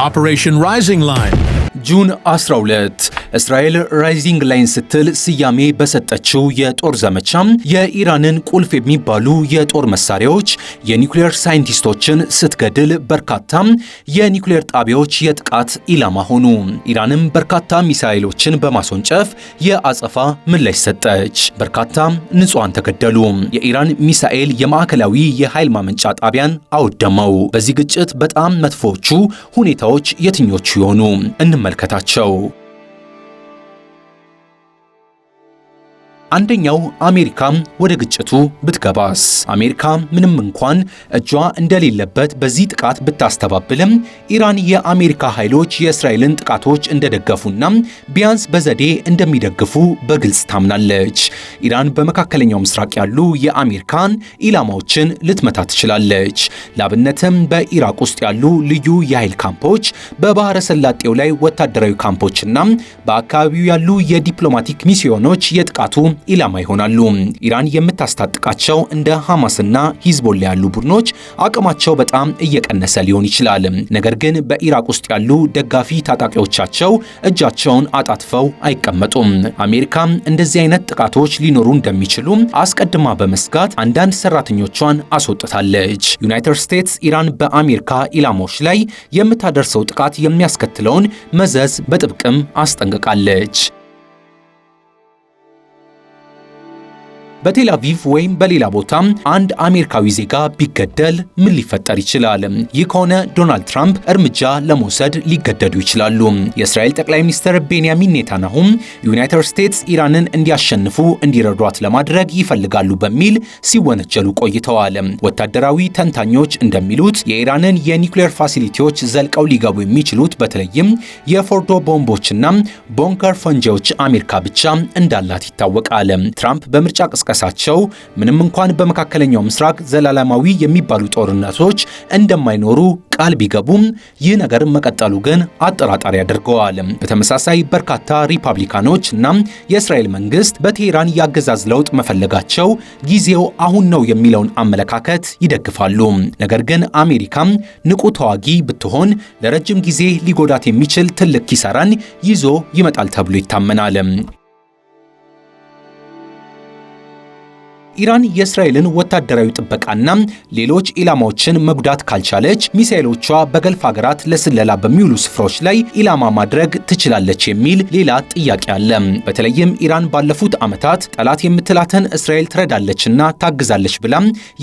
Operation Rising Line. June Asra እስራኤል ራይዚንግ ላይን ስትል ስያሜ በሰጠችው የጦር ዘመቻ የኢራንን ቁልፍ የሚባሉ የጦር መሳሪያዎች፣ የኒውክሌር ሳይንቲስቶችን ስትገድል በርካታ የኒውክሌር ጣቢያዎች የጥቃት ኢላማ ሆኑ። ኢራንም በርካታ ሚሳይሎችን በማስወንጨፍ የአጸፋ ምላሽ ሰጠች። በርካታ ንጹሐን ተገደሉ። የኢራን ሚሳኤል የማዕከላዊ የኃይል ማመንጫ ጣቢያን አወደመው። በዚህ ግጭት በጣም መጥፎቹ ሁኔታዎች የትኞቹ ይሆኑ እንመልከታቸው። አንደኛው አሜሪካም ወደ ግጭቱ ብትገባስ? አሜሪካ ምንም እንኳን እጇ እንደሌለበት በዚህ ጥቃት ብታስተባብልም ኢራን የአሜሪካ ኃይሎች የእስራኤልን ጥቃቶች እንደደገፉና ቢያንስ በዘዴ እንደሚደግፉ በግልጽ ታምናለች። ኢራን በመካከለኛው ምስራቅ ያሉ የአሜሪካን ኢላማዎችን ልትመታ ትችላለች። ላብነትም በኢራቅ ውስጥ ያሉ ልዩ የኃይል ካምፖች፣ በባህረ ሰላጤው ላይ ወታደራዊ ካምፖችና በአካባቢው ያሉ የዲፕሎማቲክ ሚስዮኖች የጥቃቱ ኢላማ ይሆናሉ። ኢራን የምታስታጥቃቸው እንደ ሐማስና ሂዝቦላ ያሉ ቡድኖች አቅማቸው በጣም እየቀነሰ ሊሆን ይችላል። ነገር ግን በኢራቅ ውስጥ ያሉ ደጋፊ ታጣቂዎቻቸው እጃቸውን አጣጥፈው አይቀመጡም። አሜሪካ እንደዚህ አይነት ጥቃቶች ሊኖሩ እንደሚችሉ አስቀድማ በመስጋት አንዳንድ ሰራተኞቿን አስወጥታለች። ዩናይትድ ስቴትስ ኢራን በአሜሪካ ኢላማዎች ላይ የምታደርሰው ጥቃት የሚያስከትለውን መዘዝ በጥብቅም አስጠንቅቃለች። በቴል አቪቭ ወይም በሌላ ቦታ አንድ አሜሪካዊ ዜጋ ቢገደል ምን ሊፈጠር ይችላል? ይህ ከሆነ ዶናልድ ትራምፕ እርምጃ ለመውሰድ ሊገደዱ ይችላሉ። የእስራኤል ጠቅላይ ሚኒስትር ቤንያሚን ኔታንያሁም ዩናይትድ ስቴትስ ኢራንን እንዲያሸንፉ እንዲረዷት ለማድረግ ይፈልጋሉ በሚል ሲወነጀሉ ቆይተዋል። ወታደራዊ ተንታኞች እንደሚሉት የኢራንን የኒውክሌር ፋሲሊቲዎች ዘልቀው ሊገቡ የሚችሉት በተለይም የፎርዶ ቦምቦችና ቦንከር ፈንጂዎች አሜሪካ ብቻ እንዳላት ይታወቃል። ትራምፕ በምርጫ መቀስቀሳቸው ምንም እንኳን በመካከለኛው ምስራቅ ዘላለማዊ የሚባሉ ጦርነቶች እንደማይኖሩ ቃል ቢገቡም ይህ ነገር መቀጠሉ ግን አጠራጣሪ አድርገዋል። በተመሳሳይ በርካታ ሪፐብሊካኖች እና የእስራኤል መንግስት በቴህራን የአገዛዝ ለውጥ መፈለጋቸው ጊዜው አሁን ነው የሚለውን አመለካከት ይደግፋሉ። ነገር ግን አሜሪካም ንቁ ተዋጊ ብትሆን ለረጅም ጊዜ ሊጎዳት የሚችል ትልቅ ኪሳራን ይዞ ይመጣል ተብሎ ይታመናል። ኢራን የእስራኤልን ወታደራዊ ጥበቃና ሌሎች ኢላማዎችን መጉዳት ካልቻለች ሚሳኤሎቿ በገልፍ ሀገራት ለስለላ በሚውሉ ስፍራዎች ላይ ኢላማ ማድረግ ትችላለች የሚል ሌላ ጥያቄ አለ። በተለይም ኢራን ባለፉት ዓመታት ጠላት የምትላትን እስራኤል ትረዳለችና ታግዛለች ብላ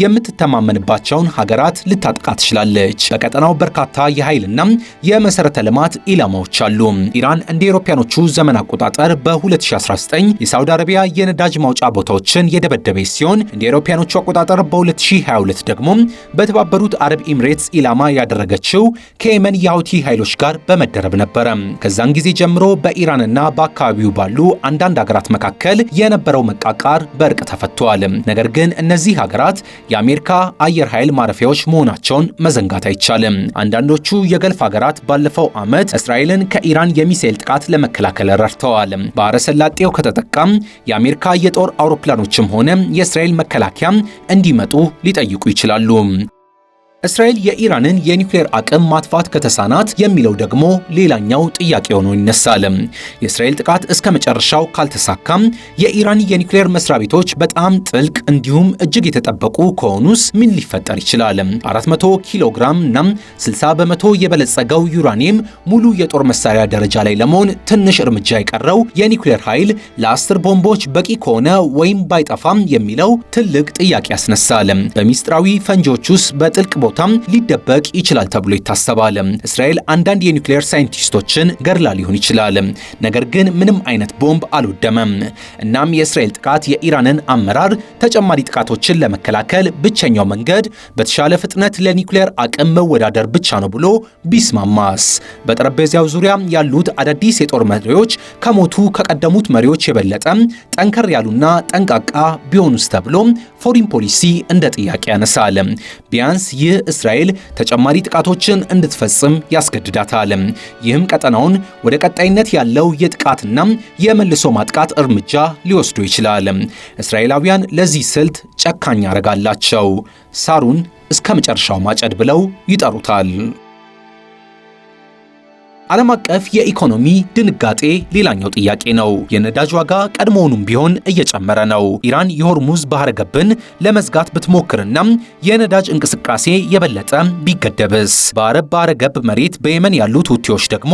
የምትተማመንባቸውን ሀገራት ልታጠቃ ትችላለች። በቀጠናው በርካታ የኃይልና የመሰረተ ልማት ኢላማዎች አሉ። ኢራን እንደ አውሮፓውያኖቹ ዘመን አቆጣጠር በ2019 የሳውዲ አረቢያ የነዳጅ ማውጫ ቦታዎችን የደበደበች ሲሆን ሲሆን እንደ አውሮፓውያኖቹ አቆጣጠር በ2022 ደግሞ በተባበሩት አረብ ኤምሬትስ ኢላማ ያደረገችው ከየመን የሁቲ ኃይሎች ጋር በመደረብ ነበረ። ከዛን ጊዜ ጀምሮ በኢራንና በአካባቢው ባሉ አንዳንድ ሀገራት መካከል የነበረው መቃቃር በእርቅ ተፈቷል። ነገር ግን እነዚህ ሀገራት የአሜሪካ አየር ኃይል ማረፊያዎች መሆናቸውን መዘንጋት አይቻልም። አንዳንዶቹ የገልፍ ሀገራት ባለፈው ዓመት እስራኤልን ከኢራን የሚሳኤል ጥቃት ለመከላከል ረድተዋል። ባህረ ሰላጤው ከተጠቃም የአሜሪካ የጦር አውሮፕላኖችም ሆነ የ የእስራኤል መከላከያ እንዲመጡ ሊጠይቁ ይችላሉ። እስራኤል የኢራንን የኒውክሌር አቅም ማጥፋት ከተሳናት የሚለው ደግሞ ሌላኛው ጥያቄ ሆኖ ይነሳል። የእስራኤል ጥቃት እስከ መጨረሻው ካልተሳካም የኢራን የኒውክሌር መስሪያ ቤቶች በጣም ጥልቅ እንዲሁም እጅግ የተጠበቁ ከሆኑስ ምን ሊፈጠር ይችላል? 400 ኪሎ ግራም እና 60 በመቶ የበለጸገው ዩራኒየም ሙሉ የጦር መሳሪያ ደረጃ ላይ ለመሆን ትንሽ እርምጃ የቀረው የኒውክሌር ኃይል ለአስር ቦምቦች በቂ ከሆነ ወይም ባይጠፋም የሚለው ትልቅ ጥያቄ ያስነሳል። በሚስጥራዊ ፈንጆች ውስጥ በጥልቅ ቦታም ሊደበቅ ይችላል ተብሎ ይታሰባል። እስራኤል አንዳንድ የኒውክሌር ሳይንቲስቶችን ገድላ ሊሆን ይችላል፣ ነገር ግን ምንም አይነት ቦምብ አልወደመም። እናም የእስራኤል ጥቃት የኢራንን አመራር ተጨማሪ ጥቃቶችን ለመከላከል ብቸኛው መንገድ በተሻለ ፍጥነት ለኒውክሌር አቅም መወዳደር ብቻ ነው ብሎ ቢስማማስ? በጠረጴዛው ዙሪያ ያሉት አዳዲስ የጦር መሪዎች ከሞቱ ከቀደሙት መሪዎች የበለጠ ጠንከር ያሉና ጠንቃቃ ቢሆኑስ ተብሎ ፎሪን ፖሊሲ እንደ ጥያቄ ያነሳል። ቢያንስ ይህ ይህ እስራኤል ተጨማሪ ጥቃቶችን እንድትፈጽም ያስገድዳታል። ይህም ቀጠናውን ወደ ቀጣይነት ያለው የጥቃትና የመልሶ ማጥቃት እርምጃ ሊወስዱ ይችላል። እስራኤላውያን ለዚህ ስልት ጨካኝ ያረጋላቸው ሳሩን እስከ መጨረሻው ማጨድ ብለው ይጠሩታል። ዓለም አቀፍ የኢኮኖሚ ድንጋጤ ሌላኛው ጥያቄ ነው። የነዳጅ ዋጋ ቀድሞውኑም ቢሆን እየጨመረ ነው። ኢራን የሆርሙዝ ባህረ ገብን ለመዝጋት ብትሞክርና የነዳጅ እንቅስቃሴ የበለጠ ቢገደብስ? በአረብ ባህረ ገብ መሬት በየመን ያሉት ሁቲዎች ደግሞ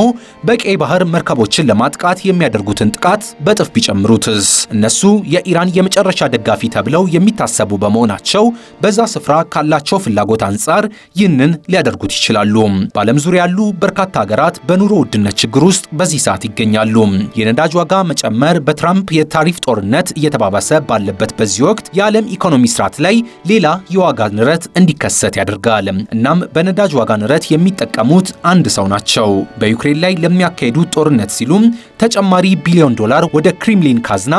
በቀይ ባህር መርከቦችን ለማጥቃት የሚያደርጉትን ጥቃት በጥፍ ቢጨምሩትስ? እነሱ የኢራን የመጨረሻ ደጋፊ ተብለው የሚታሰቡ በመሆናቸው በዛ ስፍራ ካላቸው ፍላጎት አንጻር ይህንን ሊያደርጉት ይችላሉ። በዓለም ዙሪያ ያሉ በርካታ ሀገራት በኑ የኑሮ ውድነት ችግር ውስጥ በዚህ ሰዓት ይገኛሉ። የነዳጅ ዋጋ መጨመር በትራምፕ የታሪፍ ጦርነት እየተባባሰ ባለበት በዚህ ወቅት የዓለም ኢኮኖሚ ስርዓት ላይ ሌላ የዋጋ ንረት እንዲከሰት ያደርጋል። እናም በነዳጅ ዋጋ ንረት የሚጠቀሙት አንድ ሰው ናቸው። በዩክሬን ላይ ለሚያካሂዱት ጦርነት ሲሉም ተጨማሪ ቢሊዮን ዶላር ወደ ክሪምሊን ካዝና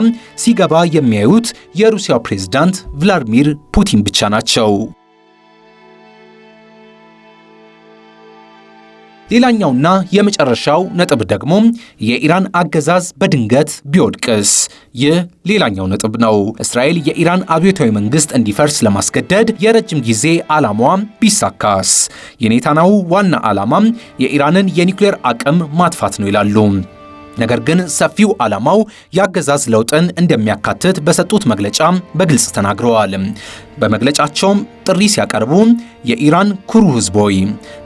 ሲገባ የሚያዩት የሩሲያው ፕሬዝዳንት ቭላድሚር ፑቲን ብቻ ናቸው። ሌላኛውና የመጨረሻው ነጥብ ደግሞ የኢራን አገዛዝ በድንገት ቢወድቅስ? ይህ ሌላኛው ነጥብ ነው። እስራኤል የኢራን አብዮታዊ መንግስት እንዲፈርስ ለማስገደድ የረጅም ጊዜ ዓላማዋ ቢሳካስ? የኔታናው ዋና ዓላማ የኢራንን የኒውክሌር አቅም ማጥፋት ነው ይላሉ። ነገር ግን ሰፊው ዓላማው የአገዛዝ ለውጥን እንደሚያካትት በሰጡት መግለጫ በግልጽ ተናግረዋል። በመግለጫቸውም ጥሪ ሲያቀርቡ የኢራን ኩሩ ህዝቦይ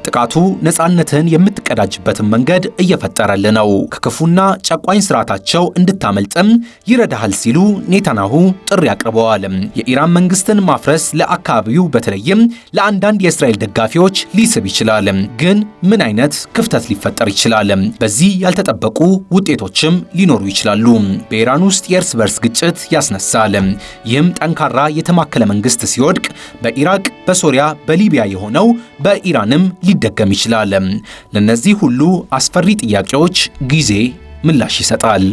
ጥቃቱ ነፃነትን የምትቀዳጅበትን መንገድ እየፈጠረል ነው። ከክፉና ጨቋኝ ስርዓታቸው እንድታመልጥም ይረዳሃል ሲሉ ኔታናሁ ጥሪ አቅርበዋል። የኢራን መንግስትን ማፍረስ ለአካባቢው በተለይም ለአንዳንድ የእስራኤል ደጋፊዎች ሊስብ ይችላል። ግን ምን አይነት ክፍተት ሊፈጠር ይችላል? በዚህ ያልተጠበቁ ውጤቶችም ሊኖሩ ይችላሉ። በኢራን ውስጥ የእርስ በርስ ግጭት ያስነሳል። ይህም ጠንካራ የተማከለ መንግስት ሲወድቅ በኢራቅ፣ በሶሪያ፣ በሊቢያ የሆነው በኢራንም ሊ ሊደገም ይችላል። ለእነዚህ ሁሉ አስፈሪ ጥያቄዎች ጊዜ ምላሽ ይሰጣል።